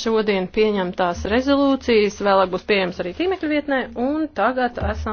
šodien pieņemtās rezolūcijas, vēlāk būs pieejams arī tīmekļu vietnē, un tagad esam.